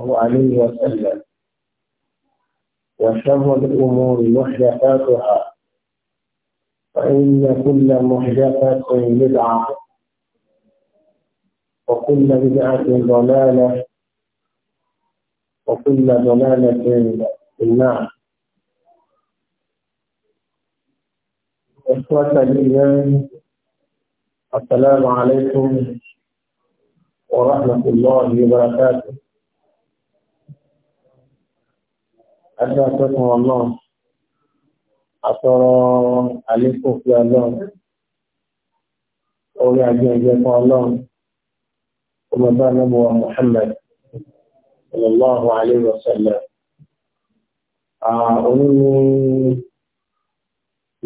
الله عليه وسلم وشر الأمور محدثاتها فإن كل محدثة بدعة وكل بدعة ضلالة وكل ضلالة في النار إخوة الإيمان السلام عليكم ورحمة الله وبركاته adúlá tẹ́kùn ọlọ́run atọ́rọ àlékún fi ọlọ́run orí ajẹ́jẹ́ fún ọlọ́run ọmọdé anábọ̀wá Muhammad sallallahu alayhi wa sallam òun ni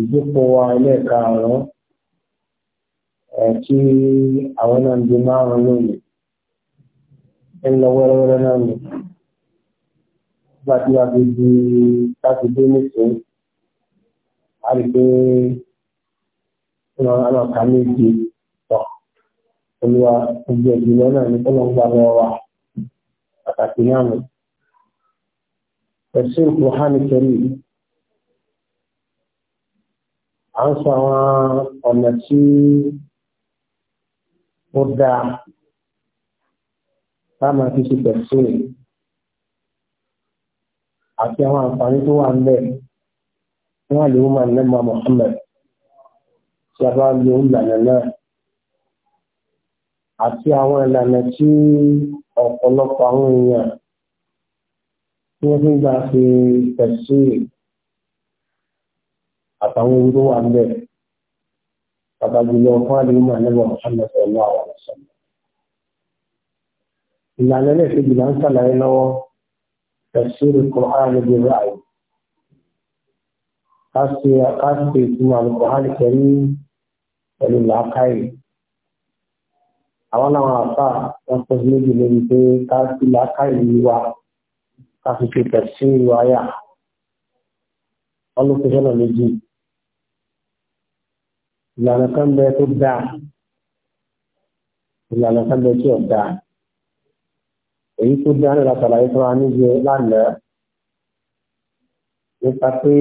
ìdípò wa ẹlẹ́ẹ̀ka àrùn tí àwọn náà di márùn-ún lónìí ń nígbà tí a fi di sátidé nìkan a rí pé ọlọ́ọ̀ká méje tọ̀ olúwa gbogbo ìgbìmọ̀ náà ní kọ́lọ́ ń gbà lọ́wọ́ wa pàtàkì náà nù. Ẹ̀sìn ìkùn hánikẹ́rì yìí à ń sọ àwọn ọ̀nà tí ó dáa táwọn fi ṣe pẹ̀sìn àti àwọn àǹfààní tó wà ńlẹ̀ fún àlèhùn àlẹ́mà Muhammad tí a bá lo ìlànà náà àti àwọn ìlànà tí ọ̀pọ̀lọpọ̀ àwọn èèyàn tí wọ́n ti ń gbà fi tẹ̀sí àtàwọn ewu tó wà ńlẹ̀ pàtàkì lọ fún àlèhùn àlẹ́mà Muhammad pẹ̀lú àwọn ọ̀sán. ìlànà ẹlẹ́ẹ̀kejì là ń sàlàyé lọ́wọ́ tafsir al-Qur'an bil-ra'y kasi kasi ìtumọ̀ al-Qur'an al-Karim pẹ̀lú làákàyè àwọn àwọn àfà wọn pọ̀ sí méjì lórí pé kasi làákàyè wa kasi ti tafsir wáyà wọn ló fi sọ́nà méjì ìlànà kan bẹ tó dáa ìlànà kan bẹ tí ò dáa èyí tó dáná látàlàyé tó wá níjẹ lánàá nípa pé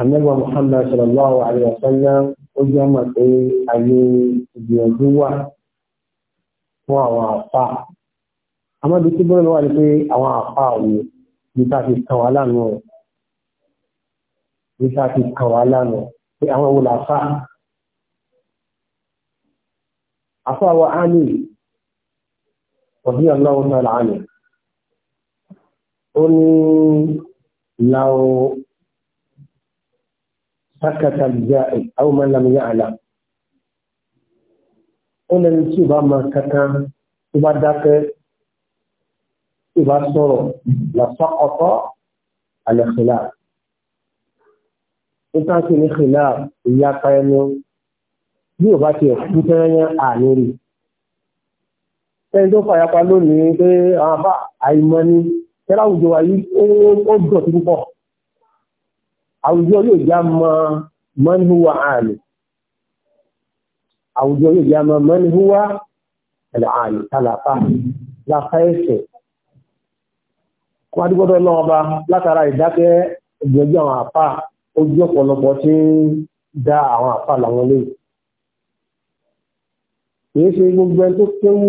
anẹ́gbà Muhammad sallallahu alaihi wa sallam ó jẹ́ mọ̀ pé ayé ìgbìyànjú wà fún àwọn àfà amadu tí bọ́ọ̀lù wà ní pé àwọn àfà òye bí ọ̀bí ọlọ́run náà láàánú ó ní láwọ sákàtà ìjà àwọn ọmọ ìlànà àlà ó lẹ́ni tí ò bá máa kankan tó bá dákẹ́ tó bá sọ̀rọ̀ làṣọ́kọ̀tọ̀ àlẹ́kìlá nípa ní kìlá ìyá apá ẹnu bí bá ti ẹ̀kú tẹ́rẹ́yẹ́ àárín rí ẹni tó fàyapa lónìí pé àwọn àbá àìmọ́ ni tẹ́lá àwùjọ wa yìí ó dọ̀tí púpọ̀ àwùjọ yóò já mọ mọ́nìhúwa àmì àwùjọ yóò já mọ mọ́nìhúwa àmì tàlàfà láfà ẹ̀sẹ̀ wọ́n adúgbọ́dọ̀ lọ́wọ́ bá látara ìdákẹ́ ìgbẹ́jọ́ àwọn àpá ojú ọ̀pọ̀lọpọ̀ tí ń dá àwọn àpá làwọn lè kìí ṣe gbogbo ẹni tó kéwú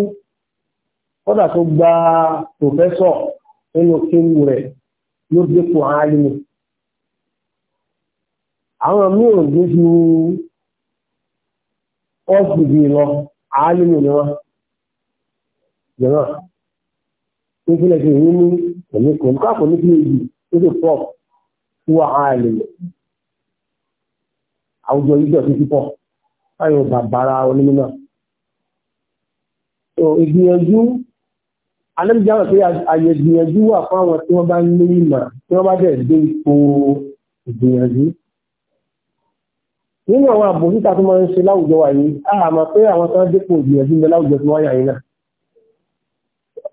kódà tó gba pòfẹ́sọ̀ nínú kéwù rẹ̀ ló dépò àálìmù àwọn míì ò gbé ju ọ́sìdì lọ àálìmù ni wọ́n jẹ̀rọ tó fílẹ̀ sí ìwé ní ẹ̀mí kò ní káàkó ní fílẹ̀ yìí tó sì pọ̀ fún àwùjọ yìí jọ sí pípọ̀ báyọ̀ bàbára onímọ̀ ìgbìyànjú alẹ́bíjáwọ̀ pé àyè ìgbìyànjú wà fún àwọn tí wọ́n bá ń ní ìmọ̀ tí wọ́n bá dẹ̀ dé ipò ìgbìyànjú nínú àwọn àbòsíta tó máa ń ṣe láwùjọ wà yìí a mọ̀ pé àwọn kan dépò ìgbìyànjú lọ láwùjọ tí wọ́n yà yìí náà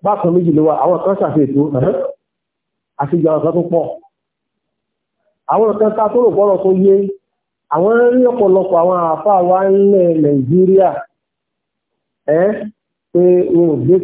bákan méjì ló wà àwọn kan ṣàfihàn àfihàn àwọn kan tó pọ̀ àwọn kan ta tó rò bọ́rọ̀ tó yé àwọn rí ọ̀pọ̀lọpọ̀ àwọn àáfàá wa ńlẹ̀ Nàìjíríà ẹ́ pé wọn ò